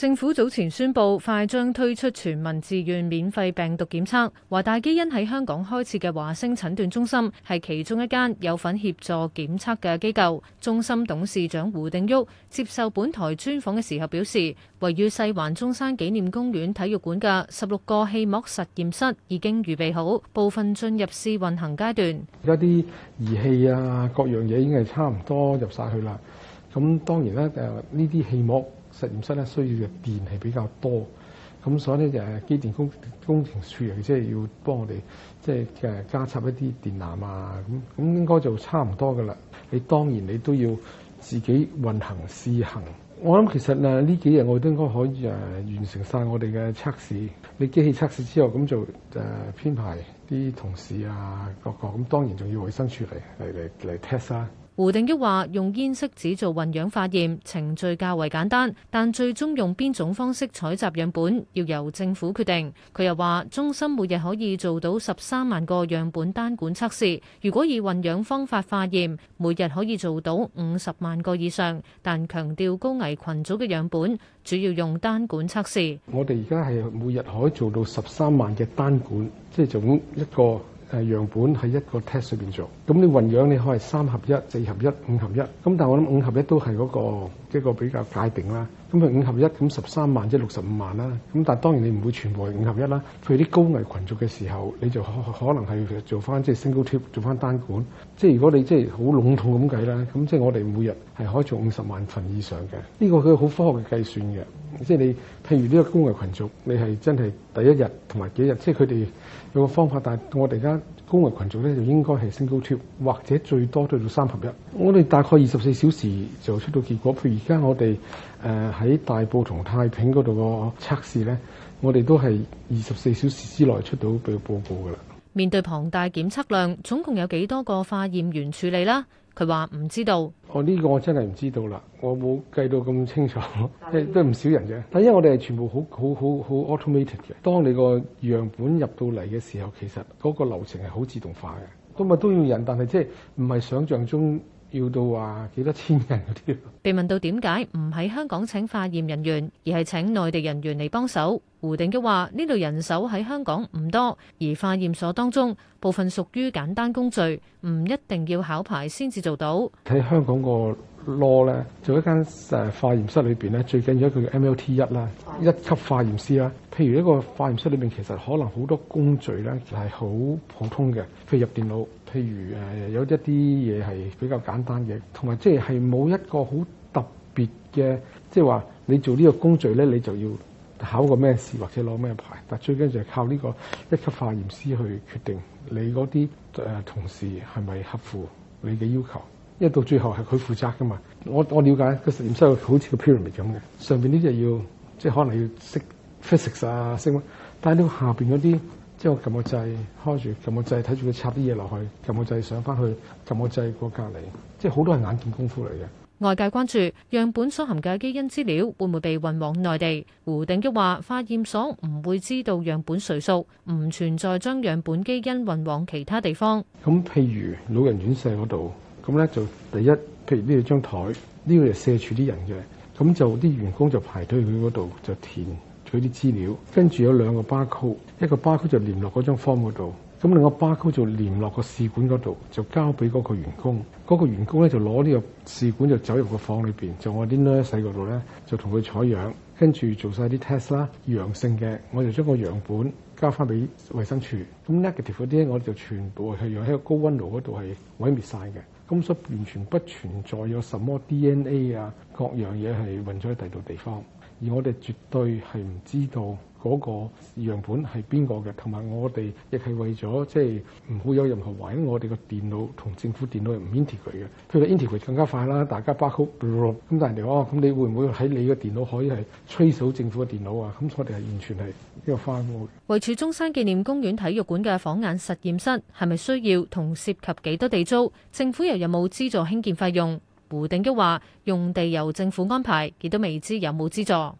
政府早前宣佈，快將推出全民自願免費病毒檢測。華大基因喺香港開設嘅華昇診斷中心係其中一間有份協助檢測嘅機構。中心董事長胡定旭接受本台專訪嘅時候表示，位於西環中山紀念公園體育館嘅十六個氣膜實驗室已經預備好，部分進入試運行階段。而家啲儀器啊，各樣嘢已經係差唔多入晒去啦。咁當然啦，誒呢啲氣膜。實驗室咧需要嘅電係比較多，咁所以咧就係機電工工程署嚟，即係要幫我哋即係誒加插一啲電纜啊，咁咁應該就差唔多噶啦。你當然你都要自己運行試行。我諗其實啊呢這幾日我都應該可以誒、呃、完成晒我哋嘅測試。你機器測試之後咁就誒編排啲同事啊各個，咁當然仲要衞生署嚟嚟嚟嚟 test 啊。胡定旭話：用煙色紙做混樣化驗程序較為簡單，但最終用邊種方式採集樣本要由政府決定。佢又話：中心每日可以做到十三萬個樣本單管測試，如果以混樣方法化驗，每日可以做到五十萬個以上。但強調高危群組嘅樣本主要用單管測試。我哋而家係每日可以做到十三萬嘅單管，即係總一個。誒、呃、樣本喺一個 test 裏面做，咁你混樣你可以三合一、四合一、五合一，咁但係我諗五合一都係嗰，那個。一個比較界定啦，咁佢五合一咁十三萬即六十五萬啦。咁但係當然你唔會全部係五合一啦。譬如啲高危群族嘅時候，你就可能係做翻即係 single tip 做翻單管。即係如果你即係好籠統咁計啦，咁即係我哋每日係可以做五十萬份以上嘅。呢個佢好科學嘅計算嘅，即係你譬如呢個高危群族，你係真係第一日同埋幾日，即係佢哋有個方法，但係我哋而家。高危群組咧就應該係 single tube，或者最多都要三合一。我哋大概二十四小時就出到結果，譬如而家我哋誒喺大埔同太平嗰度個測試咧，我哋都係二十四小時之內出到報報告噶啦。面對龐大檢測量，總共有幾多個化驗員處理啦？佢話唔知道。哦，呢個我真係唔知道啦，我冇計到咁清楚，即係都唔少人嘅。但因為我哋係全部好好好好 automated 嘅，當你個樣本入到嚟嘅時候，其實嗰個流程係好自動化嘅。咁啊都要人，但係即係唔係想象中，要到話幾多千人嗰啲？被問到點解唔喺香港請化驗人員，而係請內地人員嚟幫手？胡定旭話：呢類人手喺香港唔多，而化驗所當中部分屬於簡單工序，唔一定要考牌先至做到。喺香港個攞咧做一間誒化驗室裏邊咧，最緊要佢嘅 M.L.T 一啦，一級化驗師啦。譬如一個化驗室裏邊，其實可能好多工序咧就係好普通嘅，譬如入電腦。譬如誒有一啲嘢係比較簡單嘅，同埋即係冇一個好特別嘅，即係話你做呢個工序咧，你就要考個咩試或者攞咩牌。但最緊就係靠呢個一級化驗師去決定你嗰啲誒同事係咪合乎你嘅要求。因為到最後係佢負責噶嘛。我我瞭解它個實驗室好似個 pyramid 咁嘅，上邊呢啲要即係可能要識 physics 啊，識乜，但係呢個下邊嗰啲即係我撳個掣開住撳個掣，睇住佢插啲嘢落去撳個掣上翻去撳個掣，個掣過隔離，即係好多係眼見功夫嚟嘅。外界關注樣本所含嘅基因資料會唔會被運往內地？胡定旭話：化驗所唔會知道樣本誰屬，唔存在將樣本基因運往其他地方。咁譬如老人院舍嗰度。咁咧就第一，譬如呢個張台，呢個係社署啲人嘅，咁就啲員工就排隊去嗰度就填佢啲資料，跟住有兩個 barcode，一個 barcode 就連落嗰張 form 嗰度，咁另個 barcode 就連落個試管嗰度，就交俾嗰個員工。嗰、嗰個員工咧就攞呢個試管就走入個房裏面，就我啲呢細嗰度咧就同佢採樣，跟住做晒啲 test 啦，陽性嘅我就將個樣本交翻俾衛生署，咁 negative 嗰啲我哋就全部係用喺個高溫爐嗰度係毀滅晒嘅。公司完全不存在有什麼 DNA 啊，各樣嘢係運咗喺第二度地方。而我哋絕對係唔知道嗰個樣本係邊個嘅，同埋我哋亦係為咗即係唔好有任何懷疑，我哋個電腦同政府電腦唔 integrate 嘅，譬如 integrate 更加快啦，大家 back up 咁，但係人哋話咁，啊、你會唔會喺你嘅電腦可以係摧走政府嘅電腦啊？咁我哋係完全係呢個反饋。位處中山紀念公園體育館嘅仿眼實驗室係咪需要同涉及幾多地租？政府又有冇資助興建費用？胡定旭話：用地由政府安排，亦都未知有冇資助。